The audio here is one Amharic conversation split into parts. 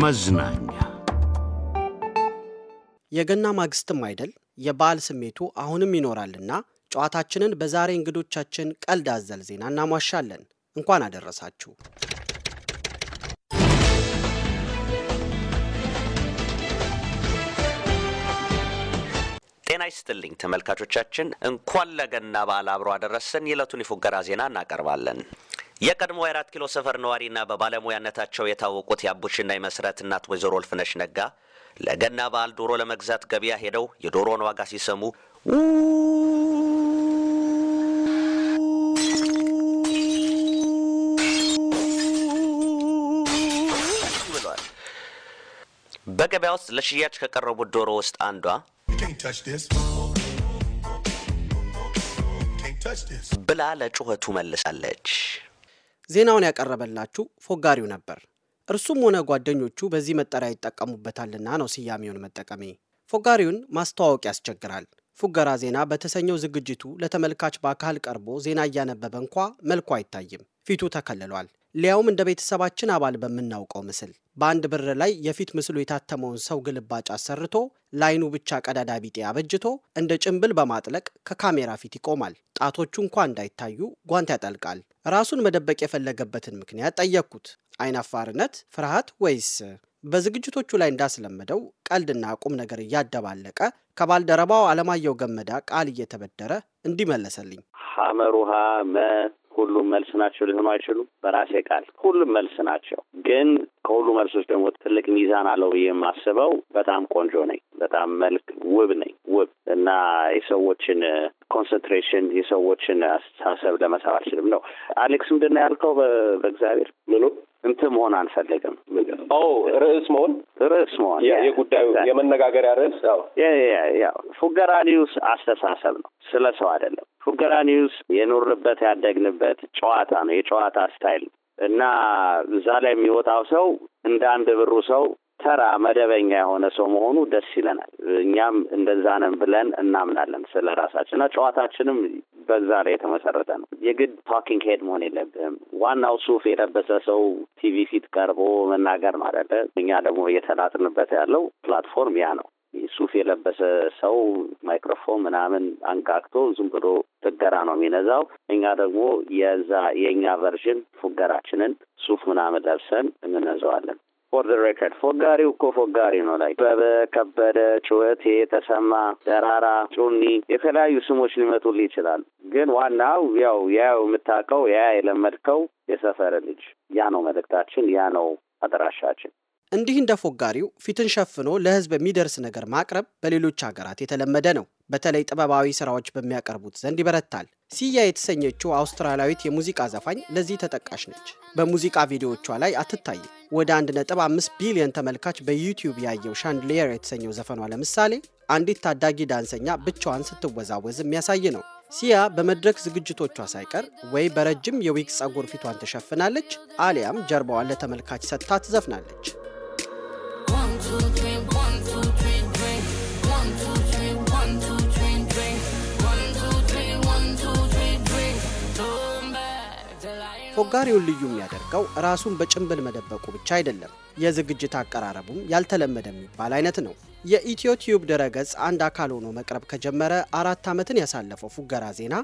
መዝናኛ የገና ማግስትም አይደል? የበዓል ስሜቱ አሁንም ይኖራልና ጨዋታችንን በዛሬ እንግዶቻችን ቀልድ አዘል ዜና እናሟሻለን። እንኳን አደረሳችሁ። ጤና ይስጥልኝ ተመልካቾቻችን፣ እንኳን ለገና በዓል አብሮ አደረሰን። የዕለቱን የፉገራ ዜና እናቀርባለን። የቀድሞ የአራት ኪሎ ሰፈር ነዋሪና በባለሙያነታቸው የታወቁት የአቡሽና የመስረት እናት ወይዘሮ እልፍነሽ ነጋ ለገና በዓል ዶሮ ለመግዛት ገበያ ሄደው የዶሮን ዋጋ ሲሰሙ ብሏል በገበያ ውስጥ ለሽያጭ ከቀረቡት ዶሮ ውስጥ አንዷ ብላ ለጩኸቱ መልሳለች። ዜናውን ያቀረበላችሁ ፎጋሪው ነበር። እርሱም ሆነ ጓደኞቹ በዚህ መጠሪያ ይጠቀሙበታልና ነው ስያሜውን መጠቀሜ። ፎጋሪውን ማስተዋወቅ ያስቸግራል። ፉገራ ዜና በተሰኘው ዝግጅቱ ለተመልካች በአካል ቀርቦ ዜና እያነበበ እንኳ መልኩ አይታይም፣ ፊቱ ተከልሏል። ሊያውም እንደ ቤተሰባችን አባል በምናውቀው ምስል በአንድ ብር ላይ የፊት ምስሉ የታተመውን ሰው ግልባጭ አሰርቶ ላይኑ ብቻ ቀዳዳ ቢጤ አበጅቶ እንደ ጭንብል በማጥለቅ ከካሜራ ፊት ይቆማል። ጣቶቹ እንኳ እንዳይታዩ ጓንት ያጠልቃል። ራሱን መደበቅ የፈለገበትን ምክንያት ጠየቅኩት። አይናፋርነት፣ ፍርሃት ወይስ በዝግጅቶቹ ላይ እንዳስለመደው ቀልድና ቁም ነገር እያደባለቀ ከባልደረባው አለማየሁ ገመዳ ቃል እየተበደረ እንዲመለሰልኝ ሐመሩሃ መ ሁሉም መልስ ናቸው ሊሆኑ አይችሉም። በራሴ ቃል ሁሉም መልስ ናቸው፣ ግን ከሁሉ መልሶች ደግሞ ትልቅ ሚዛን አለው ብዬ የማስበው በጣም ቆንጆ ነኝ፣ በጣም መልክ ውብ ነኝ፣ ውብ እና የሰዎችን ኮንሰንትሬሽን የሰዎችን አስተሳሰብ ለመሳብ አልችልም ነው። አሌክስ ምንድን ነው ያልከው? በእግዚአብሔር ምኑ እንትን መሆን አንፈልግም። ኦ ርዕስ መሆን ርዕስ መሆን የጉዳዩ የመነጋገሪያ ርዕስ ያው ፉገራ ኒውስ አስተሳሰብ ነው፣ ስለ ሰው አይደለም። ፉገራ ኒውስ የኖርንበት ያደግንበት ጨዋታ ነው፣ የጨዋታ ስታይል እና እዛ ላይ የሚወጣው ሰው እንደ አንድ ብሩ ሰው ተራ መደበኛ የሆነ ሰው መሆኑ ደስ ይለናል። እኛም እንደዛ ነን ብለን እናምናለን ስለ ራሳችን እና ጨዋታችንም በዛ ላይ የተመሰረተ ነው። የግድ ታኪንግ ሄድ መሆን የለብህም። ዋናው ሱፍ የለበሰ ሰው ቲቪ ፊት ቀርቦ መናገር ነው እኛ ደግሞ እየተላጥንበት ያለው ፕላትፎርም ያ ነው። ሱፍ የለበሰ ሰው ማይክሮፎን ምናምን አንጋግቶ ዝም ብሎ ፍገራ ነው የሚነዛው። እኛ ደግሞ የዛ የእኛ ቨርዥን ፉገራችንን ሱፍ ምናምን ለብሰን እንነዘዋለን። ፎር ዘ ሬከርድ ፎጋሪው እኮ ፎጋሪ ነው። ላይ ከበደ፣ ጩኸቴ ተሰማ፣ ደራራ፣ ጩኒ የተለያዩ ስሞች ሊመጡል ይችላል። ግን ዋናው ያው ያው የምታውቀው ያ የለመድከው የሰፈር ልጅ ያ ነው መልእክታችን፣ ያ ነው አድራሻችን። እንዲህ እንደ ፎጋሪው ፊትን ሸፍኖ ለህዝብ የሚደርስ ነገር ማቅረብ በሌሎች ሀገራት የተለመደ ነው። በተለይ ጥበባዊ ስራዎች በሚያቀርቡት ዘንድ ይበረታል። ሲያ የተሰኘችው አውስትራሊያዊት የሙዚቃ ዘፋኝ ለዚህ ተጠቃሽ ነች። በሙዚቃ ቪዲዮዎቿ ላይ አትታይም። ወደ 1.5 ቢሊዮን ተመልካች በዩቲዩብ ያየው ሻንድሊየር የተሰኘው ዘፈኗ ለምሳሌ አንዲት ታዳጊ ዳንሰኛ ብቻዋን ስትወዛወዝ የሚያሳይ ነው። ሲያ በመድረክ ዝግጅቶቿ ሳይቀር ወይ በረጅም የዊግ ጸጉር ፊቷን ትሸፍናለች፣ አሊያም ጀርባዋን ለተመልካች ሰጥታ ትዘፍናለች። ሆጋሪውን ልዩ የሚያደርገው ራሱን በጭንብል መደበቁ ብቻ አይደለም። የዝግጅት አቀራረቡም ያልተለመደ የሚባል አይነት ነው። የኢትዮ ቲዩብ ድረገጽ አንድ አካል ሆኖ መቅረብ ከጀመረ አራት ዓመትን ያሳለፈው ፉገራ ዜና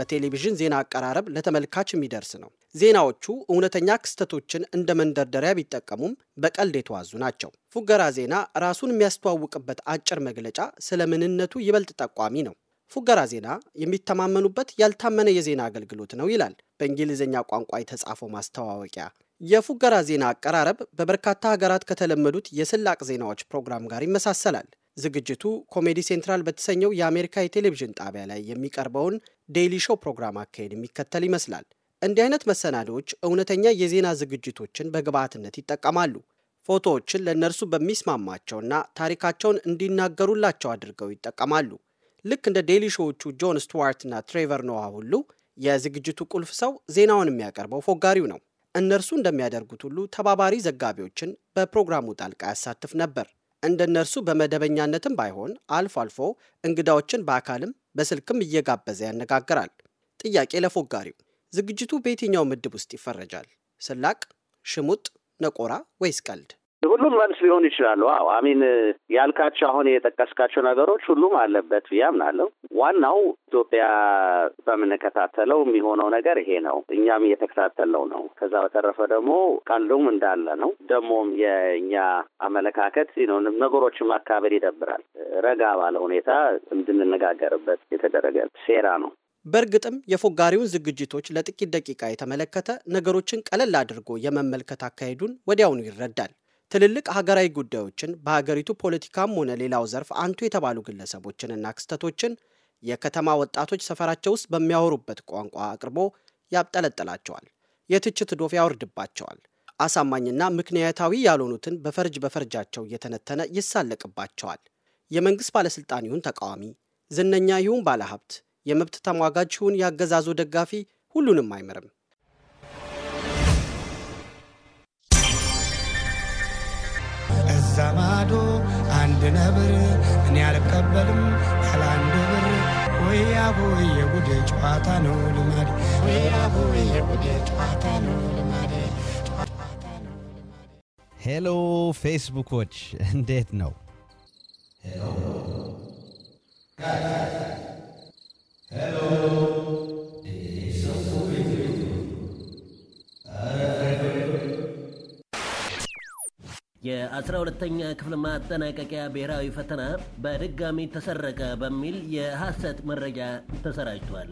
በቴሌቪዥን ዜና አቀራረብ ለተመልካች የሚደርስ ነው። ዜናዎቹ እውነተኛ ክስተቶችን እንደ መንደርደሪያ ቢጠቀሙም በቀልድ የተዋዙ ናቸው። ፉገራ ዜና ራሱን የሚያስተዋውቅበት አጭር መግለጫ ስለ ምንነቱ ይበልጥ ጠቋሚ ነው። ፉገራ ዜና የሚተማመኑበት ያልታመነ የዜና አገልግሎት ነው ይላል በእንግሊዝኛ ቋንቋ የተጻፈው ማስተዋወቂያ። የፉገራ ዜና አቀራረብ በበርካታ ሀገራት ከተለመዱት የስላቅ ዜናዎች ፕሮግራም ጋር ይመሳሰላል። ዝግጅቱ ኮሜዲ ሴንትራል በተሰኘው የአሜሪካ የቴሌቪዥን ጣቢያ ላይ የሚቀርበውን ዴይሊ ሾው ፕሮግራም አካሄድ የሚከተል ይመስላል። እንዲህ አይነት መሰናዶዎች እውነተኛ የዜና ዝግጅቶችን በግብዓትነት ይጠቀማሉ። ፎቶዎችን ለእነርሱ በሚስማማቸውና ታሪካቸውን እንዲናገሩላቸው አድርገው ይጠቀማሉ። ልክ እንደ ዴሊ ሾዎቹ ጆን ስቱዋርትና ትሬቨር ኖዋ ሁሉ የዝግጅቱ ቁልፍ ሰው ዜናውን የሚያቀርበው ፎጋሪው ነው። እነርሱ እንደሚያደርጉት ሁሉ ተባባሪ ዘጋቢዎችን በፕሮግራሙ ጣልቃ ያሳትፍ ነበር። እንደ እነርሱ በመደበኛነትም ባይሆን አልፎ አልፎ እንግዳዎችን በአካልም በስልክም እየጋበዘ ያነጋግራል። ጥያቄ ለፎጋሪው፣ ዝግጅቱ በየትኛው ምድብ ውስጥ ይፈረጃል? ስላቅ፣ ሽሙጥ፣ ነቆራ ወይስ ቀልድ? ሁሉም መልስ ሊሆን ይችላሉ። አዎ አሚን ያልካቸው አሁን የጠቀስካቸው ነገሮች ሁሉም አለበት ብዬ አምናለሁ። ዋናው ኢትዮጵያ በምንከታተለው የሚሆነው ነገር ይሄ ነው። እኛም እየተከታተለው ነው። ከዛ በተረፈ ደግሞ ቀልዱም እንዳለ ነው። ደግሞም የእኛ አመለካከት ነገሮችን ማካበድ ይደብራል። ረጋ ባለ ሁኔታ እንድንነጋገርበት የተደረገ ሴራ ነው። በእርግጥም የፎጋሪውን ዝግጅቶች ለጥቂት ደቂቃ የተመለከተ ነገሮችን ቀለል አድርጎ የመመልከት አካሄዱን ወዲያውኑ ይረዳል። ትልልቅ ሀገራዊ ጉዳዮችን በሀገሪቱ ፖለቲካም ሆነ ሌላው ዘርፍ አንቱ የተባሉ ግለሰቦችንና ክስተቶችን የከተማ ወጣቶች ሰፈራቸው ውስጥ በሚያወሩበት ቋንቋ አቅርቦ ያብጠለጥላቸዋል፣ የትችት ዶፍ ያወርድባቸዋል። አሳማኝና ምክንያታዊ ያልሆኑትን በፈርጅ በፈርጃቸው እየተነተነ ይሳለቅባቸዋል። የመንግሥት ባለሥልጣን ይሁን ተቃዋሚ፣ ዝነኛ ይሁን ባለሀብት፣ የመብት ተሟጋጅ ይሁን ያገዛዞ ደጋፊ ሁሉንም አይምርም። ዛማዶ ማዶ አንድ ነብር እኔ አልቀበልም ያለ አንድ ብር ወይ አቦ የጉድ ጨዋታ ነው ልማድ ወይ አቦ የጉድ ጨዋታ ነው ልማድ ሄሎ ፌስቡኮች እንዴት ነው? 12 ሁለተኛ ክፍል ማጠናቀቂያ ብሔራዊ ፈተና በድጋሚ ተሰረቀ በሚል የሐሰት መረጃ ተሰራጭቷል።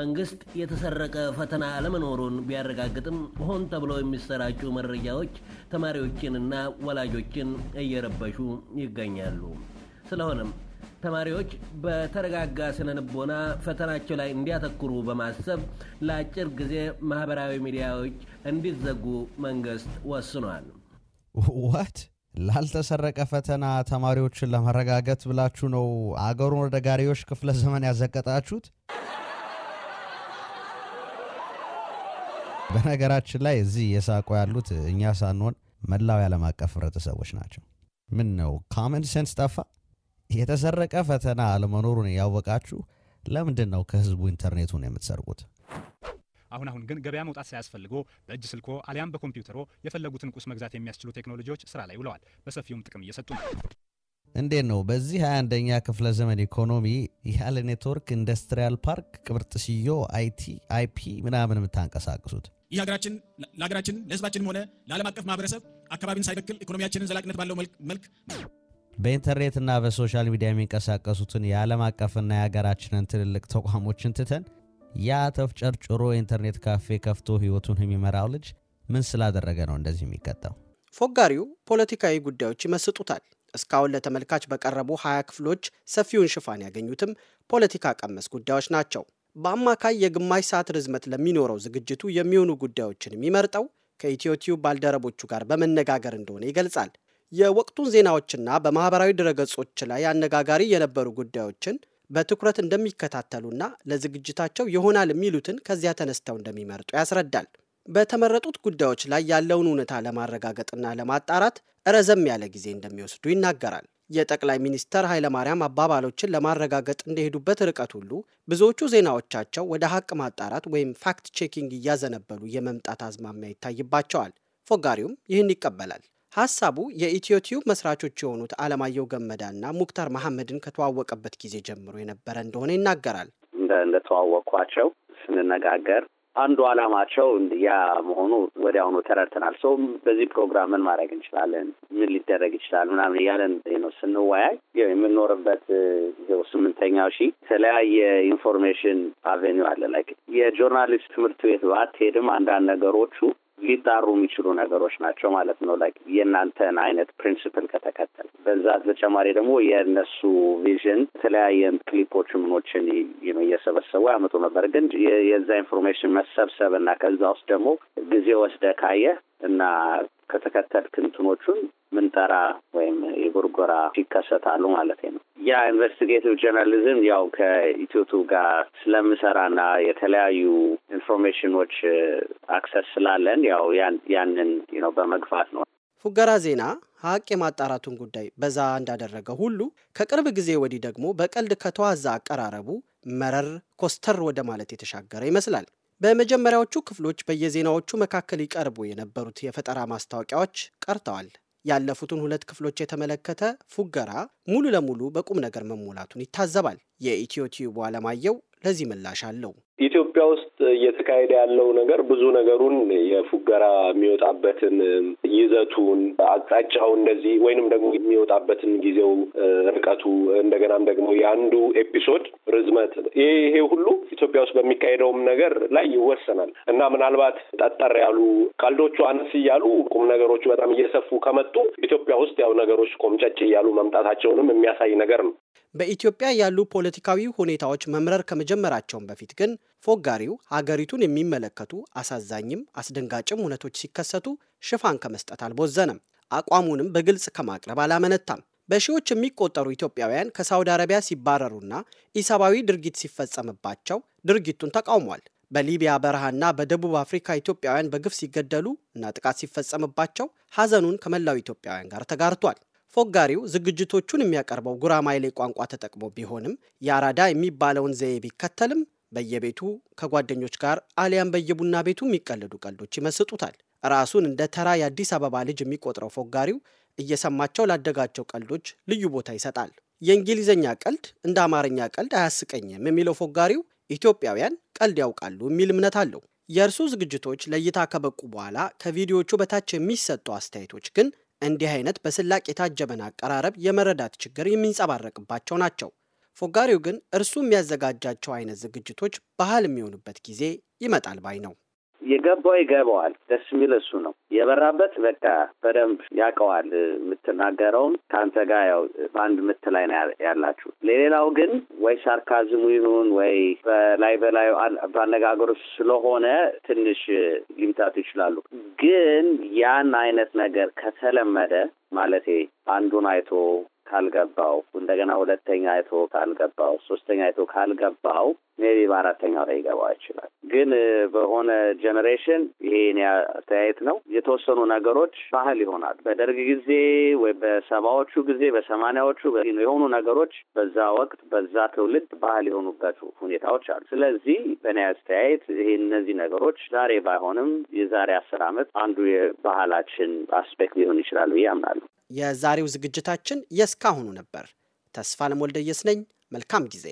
መንግስት የተሰረቀ ፈተና አለመኖሩን ቢያረጋግጥም ሆን ተብሎ የሚሰራጩ መረጃዎች ተማሪዎችንና ወላጆችን እየረበሹ ይገኛሉ። ስለሆነም ተማሪዎች በተረጋጋ ስነልቦና ፈተናቸው ላይ እንዲያተኩሩ በማሰብ ለአጭር ጊዜ ማህበራዊ ሚዲያዎች እንዲዘጉ መንግስት ወስኗል። ወት ላልተሰረቀ ፈተና ተማሪዎችን ለማረጋገጥ ብላችሁ ነው አገሩን ወደ ጋሪዎች ክፍለ ዘመን ያዘቀጣችሁት? በነገራችን ላይ እዚህ እየሳቁ ያሉት እኛ ሳንሆን መላው የዓለም አቀፍ ህብረተሰቦች ናቸው። ምን ነው ካመን ሴንስ ጠፋ? የተሰረቀ ፈተና አለመኖሩን እያወቃችሁ ለምንድን ነው ከህዝቡ ኢንተርኔቱን የምትሰርቁት? አሁን አሁን ግን ገበያ መውጣት ሳያስፈልጎ በእጅ ስልኮ አሊያም በኮምፒውተሮ የፈለጉትን ቁስ መግዛት የሚያስችሉ ቴክኖሎጂዎች ስራ ላይ ውለዋል። በሰፊውም ጥቅም እየሰጡ ነው። እንዴት ነው በዚህ 21ኛ ክፍለ ዘመን ኢኮኖሚ ያለ ኔትወርክ ኢንዱስትሪያል ፓርክ ቅብርጥስዮ አይቲ አይፒ ምናምን የምታንቀሳቅሱት? ይህ ሀገራችን ለሀገራችን ለህዝባችንም ሆነ ለዓለም አቀፍ ማህበረሰብ አካባቢን ሳይበክል ኢኮኖሚያችንን ዘላቂነት ባለው መልክ በኢንተርኔትና በሶሻል ሚዲያ የሚንቀሳቀሱትን የዓለም አቀፍና የሀገራችንን ትልልቅ ተቋሞችን ትተን ያ ተፍጨርጭሮ ኢንተርኔት ካፌ ከፍቶ ህይወቱን የሚመራው ልጅ ምን ስላደረገ ነው እንደዚህ የሚቀጣው? ፎጋሪው ፖለቲካዊ ጉዳዮች ይመስጡታል። እስካሁን ለተመልካች በቀረቡ ሀያ ክፍሎች ሰፊውን ሽፋን ያገኙትም ፖለቲካ ቀመስ ጉዳዮች ናቸው። በአማካይ የግማሽ ሰዓት ርዝመት ለሚኖረው ዝግጅቱ የሚሆኑ ጉዳዮችን የሚመርጠው ከኢትዮ ባልደረቦቹ ጋር በመነጋገር እንደሆነ ይገልጻል። የወቅቱን ዜናዎችና በማህበራዊ ድረገጾች ላይ አነጋጋሪ የነበሩ ጉዳዮችን በትኩረት እንደሚከታተሉና ለዝግጅታቸው ይሆናል የሚሉትን ከዚያ ተነስተው እንደሚመርጡ ያስረዳል። በተመረጡት ጉዳዮች ላይ ያለውን እውነታ ለማረጋገጥና ለማጣራት ረዘም ያለ ጊዜ እንደሚወስዱ ይናገራል። የጠቅላይ ሚኒስተር ኃይለማርያም አባባሎችን ለማረጋገጥ እንደሄዱበት ርቀት ሁሉ ብዙዎቹ ዜናዎቻቸው ወደ ሀቅ ማጣራት ወይም ፋክት ቼኪንግ እያዘነበሉ የመምጣት አዝማሚያ ይታይባቸዋል። ፎጋሪውም ይህን ይቀበላል። ሀሳቡ የኢትዮ ቲዩብ መስራቾች የሆኑት አለማየሁ ገመዳና ሙክታር መሐመድን ከተዋወቀበት ጊዜ ጀምሮ የነበረ እንደሆነ ይናገራል። እንደተዋወቅኳቸው ስንነጋገር አንዱ አላማቸው ያ መሆኑ ወዲያውኑ ተረድተናል። ሰው በዚህ ፕሮግራም ምን ማድረግ እንችላለን፣ ምን ሊደረግ ይችላል ምናምን እያለን ነው ስንወያይ የምንኖርበት ስምንተኛው ሺ የተለያየ ኢንፎርሜሽን አቬኒው አለ። ላይክ የጆርናሊስት ትምህርት ቤት ባትሄድም አንዳንድ ነገሮቹ ሊጣሩ የሚችሉ ነገሮች ናቸው ማለት ነው። ላይክ የእናንተን አይነት ፕሪንስፕል ከተከተል በዛ ተጨማሪ ደግሞ የእነሱ ቪዥን የተለያየ ክሊፖች ምኖችን እየሰበሰቡ ያመጡ ነበር። ግን የዛ ኢንፎርሜሽን መሰብሰብ እና ከዛ ውስጥ ደግሞ ጊዜ ወስደ ካየ እና ከተከተል ክንትኖቹን ምንጠራ ወይም የጎርጎራ ይከሰታሉ ማለት ነው። ያ ኢንቨስቲጌቲቭ ጆርናሊዝም ያው ከኢትዮቱ ጋር ስለምሰራና የተለያዩ ኢንፎርሜሽኖች አክሰስ uh, ስላለን ያው ያንን ነው በመግፋት ነው። ፉገራ ዜና ሀቅ የማጣራቱን ጉዳይ በዛ እንዳደረገ ሁሉ ከቅርብ ጊዜ ወዲህ ደግሞ በቀልድ ከተዋዛ አቀራረቡ መረር ኮስተር ወደ ማለት የተሻገረ ይመስላል። በመጀመሪያዎቹ ክፍሎች በየዜናዎቹ መካከል ይቀርቡ የነበሩት የፈጠራ ማስታወቂያዎች ቀርተዋል። ያለፉትን ሁለት ክፍሎች የተመለከተ ፉገራ ሙሉ ለሙሉ በቁም ነገር መሞላቱን ይታዘባል። የኢትዮ ቲዩቡ አለማየሁ ለዚህ ምላሽ አለው። ኢትዮጵያ ውስጥ እየተካሄደ ያለው ነገር ብዙ ነገሩን የፉገራ የሚወጣበትን ይዘቱን አቅጣጫው እንደዚህ ወይንም ደግሞ የሚወጣበትን ጊዜው ርቀቱ፣ እንደገናም ደግሞ የአንዱ ኤፒሶድ ርዝመት ይሄ ሁሉ ኢትዮጵያ ውስጥ በሚካሄደውም ነገር ላይ ይወሰናል እና ምናልባት ጠጠር ያሉ ቀልዶቹ አነስ እያሉ ቁም ነገሮቹ በጣም እየሰፉ ከመጡ ኢትዮጵያ ውስጥ ያው ነገሮች ቆምጨጭ እያሉ መምጣታቸውንም የሚያሳይ ነገር ነው። በኢትዮጵያ ያሉ ፖለቲካዊ ሁኔታዎች መምረር ከመጀመራቸውም በፊት ግን ፎጋሪው ሀገሪቱን የሚመለከቱ አሳዛኝም አስደንጋጭም እውነቶች ሲከሰቱ ሽፋን ከመስጠት አልቦዘነም። አቋሙንም በግልጽ ከማቅረብ አላመነታም። በሺዎች የሚቆጠሩ ኢትዮጵያውያን ከሳውዲ አረቢያ ሲባረሩና ኢሰብአዊ ድርጊት ሲፈጸምባቸው ድርጊቱን ተቃውሟል። በሊቢያ በረሃና በደቡብ አፍሪካ ኢትዮጵያውያን በግፍ ሲገደሉ እና ጥቃት ሲፈጸምባቸው ሀዘኑን ከመላው ኢትዮጵያውያን ጋር ተጋርቷል። ፎጋሪው ዝግጅቶቹን የሚያቀርበው ጉራማይሌ ቋንቋ ተጠቅሞ ቢሆንም የአራዳ የሚባለውን ዘዬ ቢከተልም በየቤቱ ከጓደኞች ጋር አሊያም በየቡና ቤቱ የሚቀልዱ ቀልዶች ይመስጡታል። ራሱን እንደ ተራ የአዲስ አበባ ልጅ የሚቆጥረው ፎጋሪው እየሰማቸው ላደጋቸው ቀልዶች ልዩ ቦታ ይሰጣል። የእንግሊዝኛ ቀልድ እንደ አማርኛ ቀልድ አያስቀኝም የሚለው ፎጋሪው ኢትዮጵያውያን ቀልድ ያውቃሉ የሚል እምነት አለው። የእርሱ ዝግጅቶች ለእይታ ከበቁ በኋላ ከቪዲዮዎቹ በታች የሚሰጡ አስተያየቶች ግን እንዲህ አይነት በስላቅ የታጀበን አቀራረብ የመረዳት ችግር የሚንጸባረቅባቸው ናቸው። ፎጋሪው ግን እርሱ የሚያዘጋጃቸው አይነት ዝግጅቶች ባህል የሚሆኑበት ጊዜ ይመጣል ባይ ነው። የገባው ይገባዋል። ደስ የሚል እሱ ነው የበራበት። በቃ በደንብ ያውቀዋል። የምትናገረውን ከአንተ ጋር ያው በአንድ ምት ላይ ነው ያላችሁ። ለሌላው ግን ወይ ሳርካዝሙ ይሁን ወይ በላይ በላይ በአነጋገሩ ስለሆነ ትንሽ ሊምታቱ ይችላሉ። ግን ያን አይነት ነገር ከተለመደ ማለቴ አንዱን አይቶ ካልገባው እንደገና ሁለተኛ አይቶ ካልገባው ሶስተኛ አይቶ ካልገባው ሜቢ በአራተኛው ላይ ይገባ ይችላል። ግን በሆነ ጀኔሬሽን ይሄ እኔ አስተያየት ነው፣ የተወሰኑ ነገሮች ባህል ይሆናል። በደርግ ጊዜ ወይ በሰባዎቹ ጊዜ በሰማኒያዎቹ የሆኑ ነገሮች በዛ ወቅት በዛ ትውልድ ባህል የሆኑበት ሁኔታዎች አሉ። ስለዚህ በእኔ አስተያየት ይሄ እነዚህ ነገሮች ዛሬ ባይሆንም የዛሬ አስር አመት አንዱ የባህላችን አስፔክት ሊሆን ይችላል ብዬ አምናለሁ። የዛሬው ዝግጅታችን የእስካሁኑ ነበር። ተስፋ ለሞልደየስ ነኝ። መልካም ጊዜ